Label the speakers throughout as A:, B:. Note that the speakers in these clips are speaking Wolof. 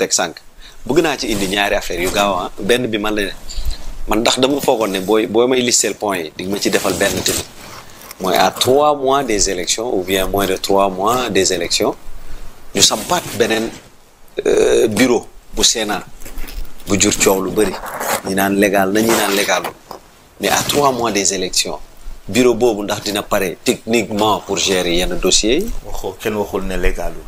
A: teg sànq bëgg naa ci indi ñaari affaire yu gaaw benn bi man la ne man ndax dama foogoon ne booy booy ma listeel point yi di ma ci defal benn tamit mooy à trois mois des élections ou bien moins de trois mois des élections ñu sampat beneen euh, bureau bu Sénat bu jur coow lu bëri ñi naan légal na ñi naan légalul mais à trois mois des élections bureau boobu ndax dina pare techniquement pour gérer yenn dossiers yi. waxoo kenn waxul ne légalul.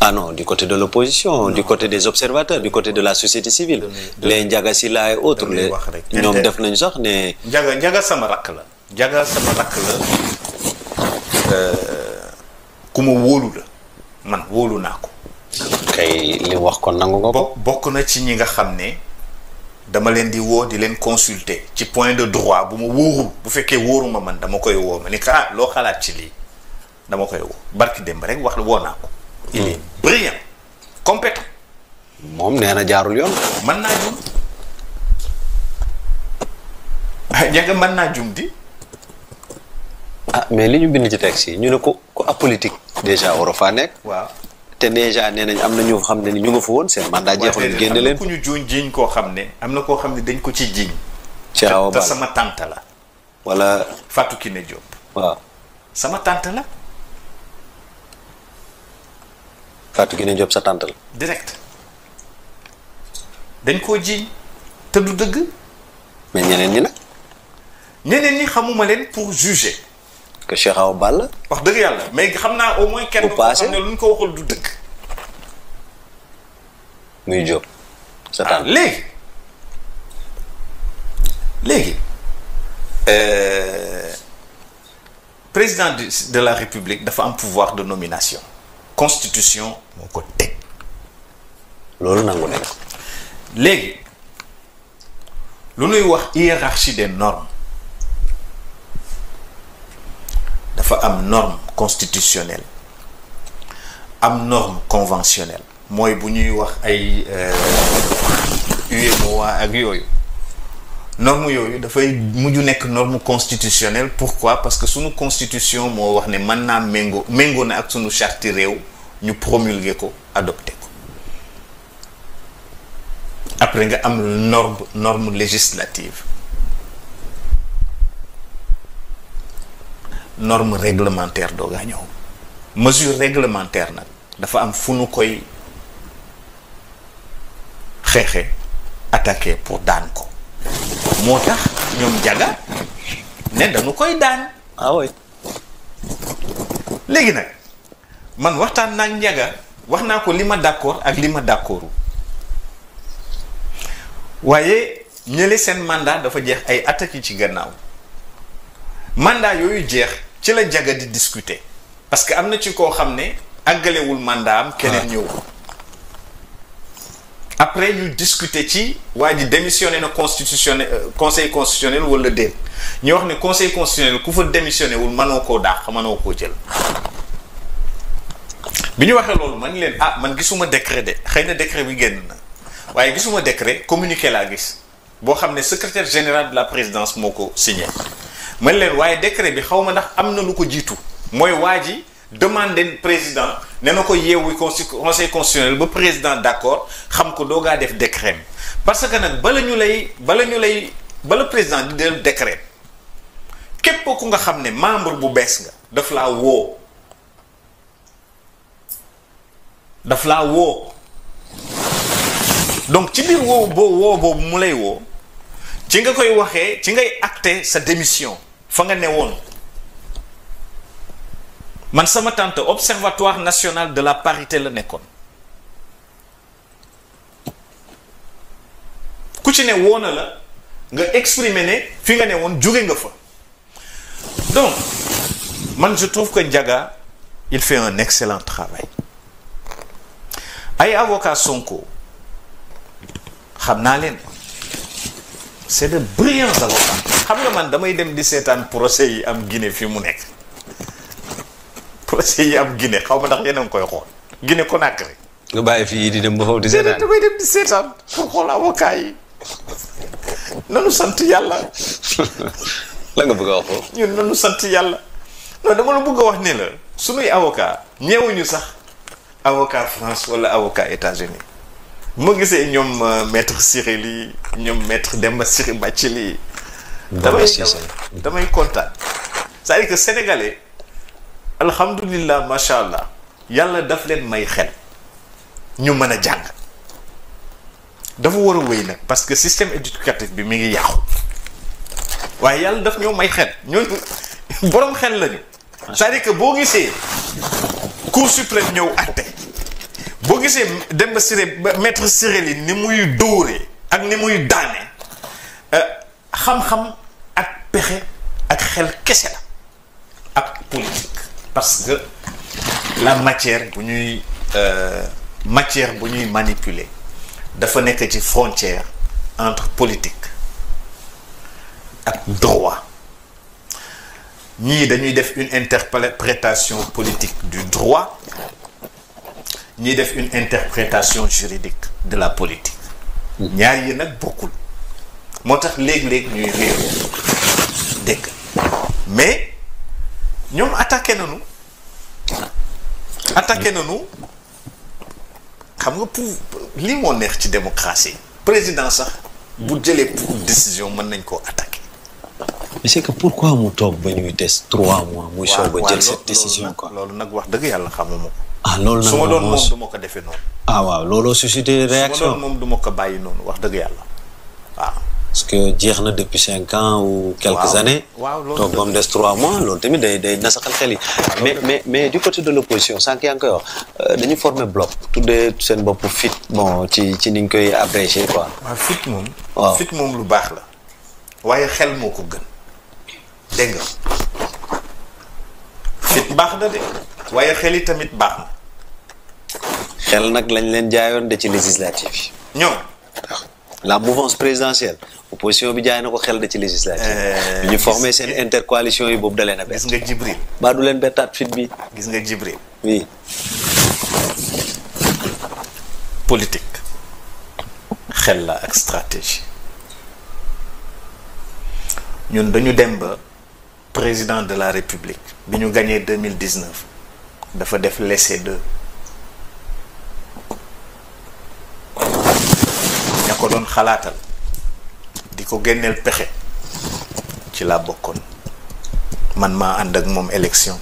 A: ah non du côté de l'opposition du côté des observateurs du côté de la société civile les Ndiaga Sylla et autres les ñoom def nañu sax ne njaga njaga sama rakk la Ndiaga sama rakk la
B: euh, ku ma wóolu la man wóolu naa ko kay li wax kon nangu nga ko bokk na ci ñi nga xam ne dama leen di woo di leen consulter ci point de droit bu ma wóorul bu fekkee wóoruma man dama koy woo ma ni ah loo xalaat ci lii dama koy woo barki démb rek wax woo naa ko il est brillant
A: moom nee na jaarul yoon. man naa jum njëkk mën naa jum di. ah mais li ñu bind ci texte yi ñu ne ko ko apolitique déjà war faa nekk. waaw te déjà nee nañ am na ñoo xam ne ñu nga fa woon seen mandat jeexul ñu génne leen. ku
B: ñu juñ jiiñ koo xam ne am na koo xam ne dañ ko ci jiñ. ca ba sama tante la. wala Fatou Kiné
A: Diop. waaw
B: sama tante la.
A: Fatou Kiné Diop sa tante la.
B: direct dañ koo ji te du dëgg. mais ñeneen ñi nag. ñeneen ñi xamuma leen pour juger. que Cheikh Awa wax dëgg yàlla mais xam naa au moins. kenn koo xam ne lu ñu ko waxul du dëgg.
A: muy Diop sa ah,
B: tante léegi léegi. Euh, président de la république dafa am pouvoir de nomination constitution moo ko teg
A: loolu nangu nañ ko
B: léegi lu nuy wax hiérarchie de normes dafa am norme constitutionnelle am norme conventionnelle mooy bu ñuy wax ay waa euh, ak yooyu norme yooyu dafay mujj nekk norme constitutionnelle pourquoi parce que sunu constitution moo wax ne mën naa méngoo méngoo na ak sunu charte réew ñu promulguer ko adopté ko après nga am norme norme législative norme réglementaire doogaa ñëw mesure réglementaire nag dafa am fu nu koy xeexee attaqué pour daan ko moo tax ñoom jaga ne dañu koy daan ah oui léegi nag man waxtaan naa njaga wax naa ko li ma d'accord ak li ma d'accordu waaye ñële seen mandat dafa jeex ay attaques ci gannaaw mandat yooyu jeex ci la jaga di discuter parce que am na ci koo xam ne àggalewul mandat am keneen ah. ñëw après ñu discuter ci waa ji démissionné na constitutionnel euh, conseil constitutionnel wala déet ñu wax ne conseil constitutionnel ku fa démissionné wul mënoo koo dàq mënoo koo jël bi ñu waxee loolu man leen ah man gisuma décret de xëy na décret bi génn na waaye gisuma décret communiqué laa gis boo xam ne secretaire général de la présidence moo ko signé man leen waaye décret bi xaw ma ndax am na lu ko jiitu mooy waa ji demande président ne na ko yeewu conseil constitutionnel ba président d'accord xam ko doogaa def décret parce que nag bala ñu lay bala ñu lay bala président di del décret képp ku nga xam ne membre bu bees nga daf laa woo daf laa woo donc ci biir woo boo boobu mu lay woo ci nga koy waxee ci ngay acté sa démission fa nga ne woon man sama tante observatoire national de la parité la nekkoon ku ci ne woo la nga exprimer ne fi nga ne woon jóge nga fa donc man je trouve que Ndiaga il fait un excellent travail ay avocat Sonko xam naa leen c'est de brillants avocats xam nga man damay dem di seetaan procès yi am Guinée fi mu nekk procès yi am Guinée xaw ma ndax yéen a ngi koy xool Guinée Conakry
A: nga bàyyi fii di dem ba foofu di seetaan
B: damay dem di seetaan pour xool avocat yi nanu sant yàlla
A: la nga bëgg a wax
B: ñun nanu sant yàlla non dama la bëgg a wax ni la sunuy avocat ñeewuñu sax avocat France wala avocat États-Unis ma gisee ñoom euh, maître Ciré lii ñoom maître Demba Ciré Bathily damay damay kontaan c'est-à-dire que sénégalais alhamdulilah macha allah yàlla daf leen may xel ñu mën a jàng dafa war a wéy nag parce que système éducatif bi mu ngi yàqu waaye yàlla daf ñoo may xel ñooñu boroom xel lañu cest à que boo gisee cour suprême ñëw àtte boo gisee Demba Ciré maître Ciré Ly ni muy dóore ak ni muy daane euh, xam-xam ak pexe ak xel kese la ak politique parce que la matière bu ñuy euh, matière bu ñuy manipuler dafa nekk ci frontière entre politique ak droit ñii dañuy def une prétation politique du droit ñuy def une interprétation juridique de la politique ñaar yi nag bokkul moo tax léeg-léeg ñuy réew dégg mais ñoom attaqué nañu attaqué nañu xam nga pour li moo neex ci démocratie président sax bu jëlee pour décision mën nañ koo attaqué
A: mais c'est que pourquoi mu toog ba ñuy des trois mois. muy soog a jël cette
B: décision quoi loolu nag wax dëgg yàlla xamuma ko.
A: ah loolu nag ma doon moom du
B: ma ko defee noonu. ah waaw looloo suscité réaction su ma doon moom du ko bàyyi noonu wax dëgg yàlla
A: waaw. parce que jeex na depuis cinq ans ou quelques waaw loolu toog ba des trois mois loolu tamit day day nasaxal xel yi. Ah, mais mais mais du côté de l' opposition sànq yaa ngi koy wax euh, dañu former bloc. tuddee seen bopp fit bon ci ci ni ñu koy abrégé quoi.
B: fit moom. fit moom lu baax la. waaye xel moo ko gën. dégg nga fit baax na de waaye xel yi tamit baax na.
A: xel nag lañ leen jaayoon de ci législative yi. ñoom. la mouvance présidentielle opposition bi jaay na ko xel de ci législative euh, bi ñu formé seen intercoalition yi boobu da na a nga Jibril. mbaa leen bettaat fit bi. gis nga Jibril. oui. politik
B: xel la ak stratégie ñun dañu dem ba. président de la république bi ñu gagné 2019 dafa def laisser-aller ña ko doon xalaatal di ko génneel pexe ci laa bokkoon man maa ànd ak moom élection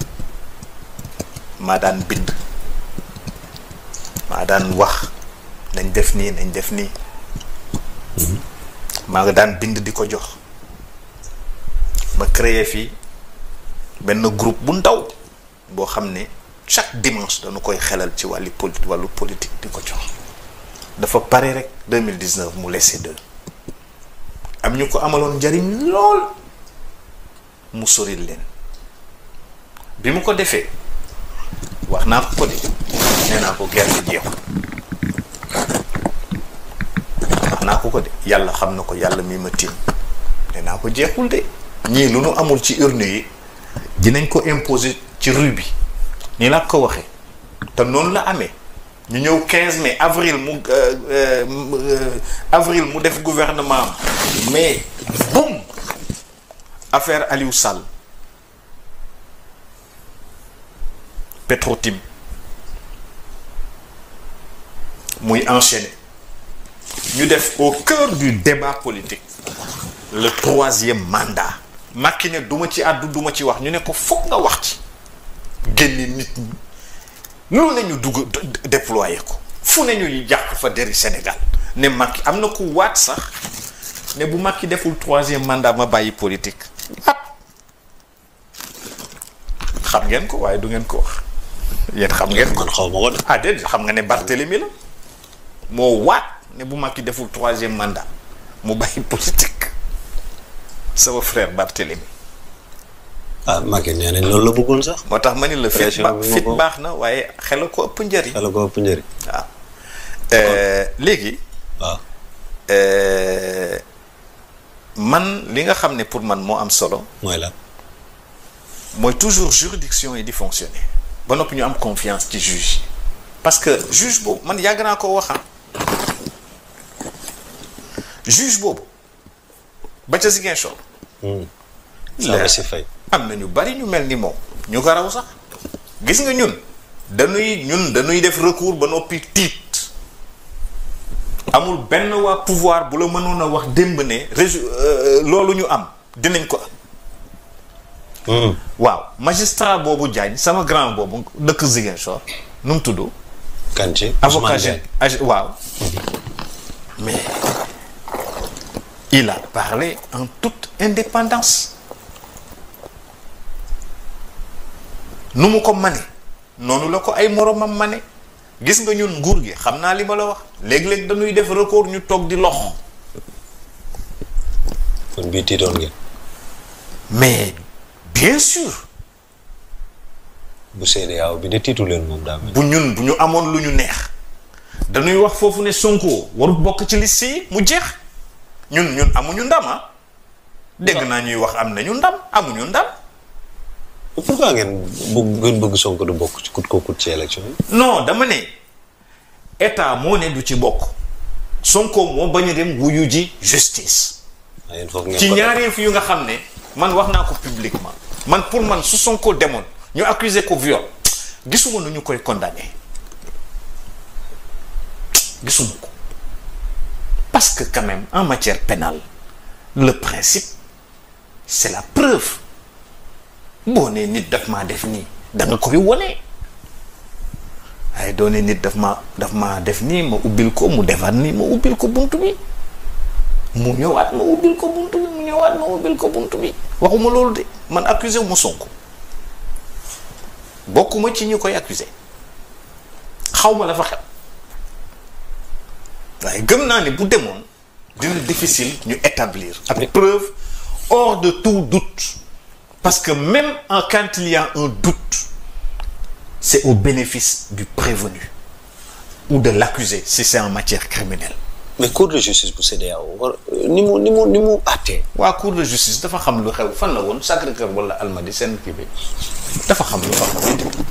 B: maa daan bind maa daan wax nañ def nii nañ def nii mhm. maa nga daan bind di ko jox ma créé fii benn groupe bu ndaw boo xam ne chaque dimanche dañu koy xelal ci wàllu poli wàllu politique di ko jox dafa pare rek 2019 mu laissé deux am ñu ko amaloon njariñ lool mu soril leen bi mu ko defee wax naa ko ko de nee naa ko gerte jeexul wax naa ko ko de yàlla xam na ko yàlla mii ma tiim nee naa ko jeexul de ñii lu nu amul ci urne yi dinañ ko imposer ci rue bi nii laa ko waxee te noonu la amee ñu ñëw 15 mai avril mu euh, euh, avril mu def gouvernement am mais boum affaire Aliou Sall Petrotim muy enchaîné ñu def au cœur du débat politique le troisième mandat Macky ne duma ci àddu duma ci wax ñu ne ko foog nga wax ci génne nit ñi loolu la ñu dugg déployé ko fu ne ñu jàpp fa deri Sénégal ne Macky am na ku waat sax ne bu Macky deful troisième mandat ma bàyyi politique waat xam ngeen ko waaye du ngeen ko wax yéen xam ngeen kon xaw ma woon ah déedéet xam nga ne Barthélemy la moo waat ne bu Macky deful troisième mandat mu bàyyi politique sama frère Barthélémy. ah Maguette nee nañ loolu la bëggoon
A: sax. moo tax ma ni la fit fit baax na
B: waaye xel ko ëpp njëriñ. xel ko ëpp waaw ah. euh, léegi. Ah. Euh, man li nga xam ne pour man moo am solo. mooy la mooy toujours juridiction yi di fonctionner. ba noppi ñu am confiance ci juge. parce que juge boobu man yàgg naa ko waxam ah. juge boobu. ba ca Ziguinchor. Hmm. la am na ñu bari ñu mel ni moom ñu ko raw sax gis nga ñun dañuy ñun dañuy def recours ba noppi tiit amul benn waa pouvoir bu la mënoon a wax démb ne résu euh, loolu ñu am dinañ ko am. Hmm. waaw magistrat boobu Diagne sama grand boobu dëkk Ziguinchor nu mu tudd. Kandji avocat waaw hmm. Il a parlé en toute indépendance nu mu ko mane noonu la ko ay moromam mane gis nga ñun nguur gi xam naa li ma la wax léeg-léeg dañuy def record ñu toog di lox
A: kon bii tiitoon ngeen mais
B: bien sûr bu CEDEAO bi de tiitu leen moom daa bu ñun bu ñu amoon lu ñu neex dañuy wax foofu ne Sonko warut bokk ci liste yi mu jeex ñun ñun amuñu ndama ah. dégg naa ñuy wax am nañu ndam amuñu ndam.
A: pourquoi ngeen bëgg ngeen du bokk ci kut ko kut ci élection yi.
B: dama ne état moo ne du ci bokk. Sonko moo bañu a dem wuyu ji
A: justice. Ah, ci ñaareel
B: fi yu nga xam ne. man wax naa ko publiquement man pour man su Sonko demoon ñu accusé ko viol gisuma nu ñu koy condamné gisuma ko. Parce que quand même, en matière pénale, le principe, c'est la preuve. boo nee nit daf maa def nii da nga ko fi wone waaye doo nee nit daf ma daf maa def nii ma ubbil ko mu defaat nii ma ubbil ko bunt bi mu ñëwaat ma ubbil ko bunt bi mu ñëwaat ma ubbil ko bunt bi waxuma loolu de man accusé wu ma Sonko bokkuma ci ñu koy accusé xaw ma la fa xew waaye gëm naa ne bu demoon dina difficile ñu établir ak preuve hors de tout doute parce que même en quand il y a un doute c'est au bénéfice du prévenu ou de l'accusé si c'est en matière criminelle mais cour de justice bu CEDEAO war ni mu ni ni mu àttee waa cour de
A: justice dafa xam lu xew fan la woon sagré cœur wala Almadies seen kii bi dafa xam lu xew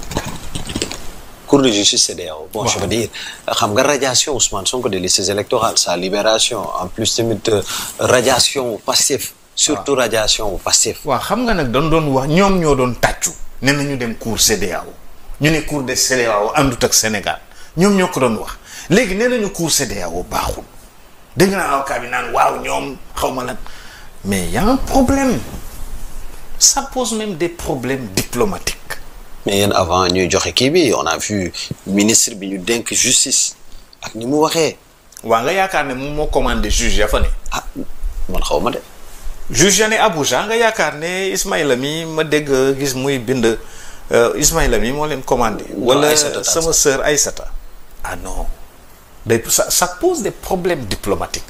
A: cour de justice CEDEAO bon wow. je veux dire xam nga radiation Ousmane Sonko des listes électorales sa libération en plus tamit euh, radiation passif surtout radiation wu passif
B: waaw xam nga nag dañ doon wax ñoom ñoo doon tàccu ne nañu dem cour CEDEAO ñu ne cour de CEDEAO àndut ak Sénégal ñoom ñoo ko doon wax léegi nee nañu cour CEDEAO baaxul dégg naa avocat bi naan waaw ñoom xaw ma lan mais y a un problème ça pose même des problèmes diplomatiques
A: mais yéen avant ñuy joxe kii bi on a vu ministre bi ñu dénk justice ak ni mu waxee. waa nga yaakaar ne moom moo commandé juge ya ne. Ah, xaw ma de. juge
B: ya ne Abuja nga yaakaar ne Ismaïla mi ma dégg gis muy bind euh, Ismaïla mi moo leen commandé. wala sama ay sata ah non day sa ça pose des problème diplomatiques.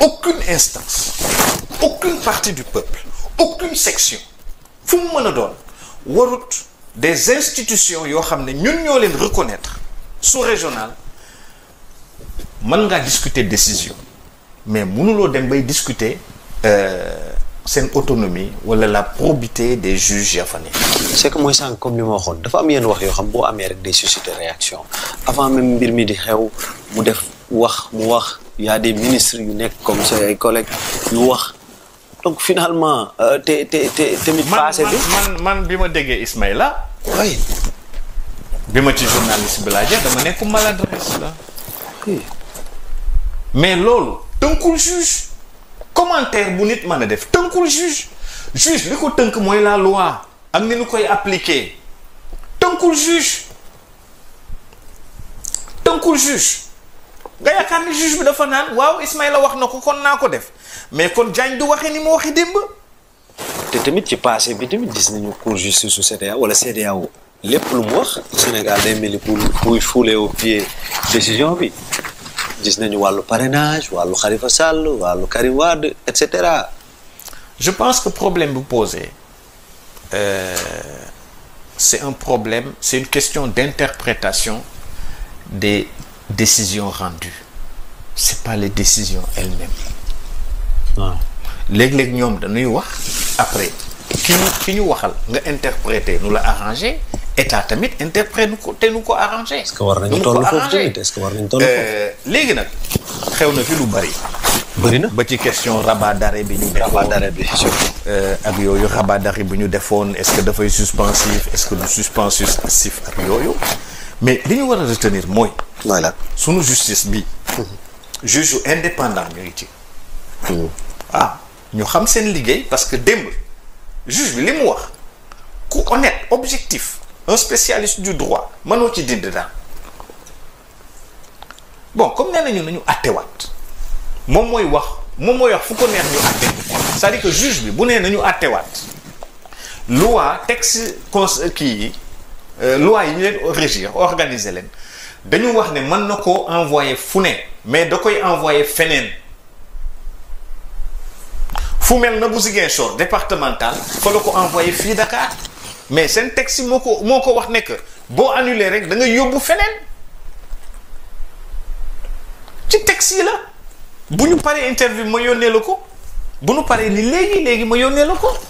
B: aucune instance aucune partie du peuple aucune section fu mu mën a doon warut. des institutions yoo xam ne ñun ñoo leen reconnaître sous-régional man ngaa discuter décision mais mënuloo dem bay discuter euh,
A: seen autonomie wala la probité des juges yaa fa nekk. c'est que mooy sànq comme li ma waxoon dafa am yenn wax yoo xam boo amee rek des susciter réaction avant même mbir mi di xew mu def wax mu wax yaa a des ministres yu nekk comme say collègues yu wax. donc finalement euh, te te te tamit. passé bi man man bi ma déggee Ismaïla. oui.
B: bi ma ci journaliste bi laajee dama nekk maladresse la. mais loolu tënkul juge commentaire bu nit mën a def tënkul juge juge li ko tënk mooy la loi am ni ñu koy appliquer tënkul juge tënkul juge. nga yaakaar ni juge bi dafa naan waaw Ismaïla wax na ko kon naa ko def mais kon Diagne du waxee ni mu waxi démb.
A: te tamit ci passé bi tamit gis nañu cour justice su CEDEAO wala CEDEAO lépp lu mu wax Sénégal day mel ni pour pour fouler au pied décision bi gis nañu wàllu parrainage wàllu Khalifa Sall wàllu Karim et cetera. je pense que problème bu posé euh, c'est un problème
B: c'est une question d'interprétation des. décision rendue c'est pas les décisions elles-mêmes waaw léeg-léeg ñoom dañuy wax après ki ñu ki ñu waxal nga interpréter nu la arrangé état tamit interprète nu ko te nu ko arrangé est war nañu toll foofu est-ce que war nañu léegi nag xew na fi lu bari bëri na ba ci question rabat d'arrêt bi ñu rabat d'arrêt bi euh, ak yooyu rabat d'arrêt ñu defoon est-ce que dafay suspensif est du suspensif ak yooyu mais li ñu war a retenir mooy mooy la sunu justice bi juge yu indépendant ñu ngi ci. waaw hmm. ah, ñu xam seen liggéey parce que démb juge bi li mu wax ku honnête objectif un spécialiste du droit mënoo ci dindi daal bon comme nee nañu nañu attewaat moom mooy wax moom mooy wax fu ko ñu atte c'est-à-dire que juge bi bu nee nañu attewaat loi texte cons kii yi euh, loi yi ñu leen régir organiser leen dañu wax ne man na koo envoyé fu ne mais da koy envoyé feneen fu mel na bu Ziguinchor départemental fa la ko envoyer fii Dakar mais seen texte moo ko moo ko wax nekk boo annulé rek da nga yóbbu feneen ci texte yi la bu ñu paree interview ma yónnee la ko bu nu paree ni léegi léegi ma yónnee la ko.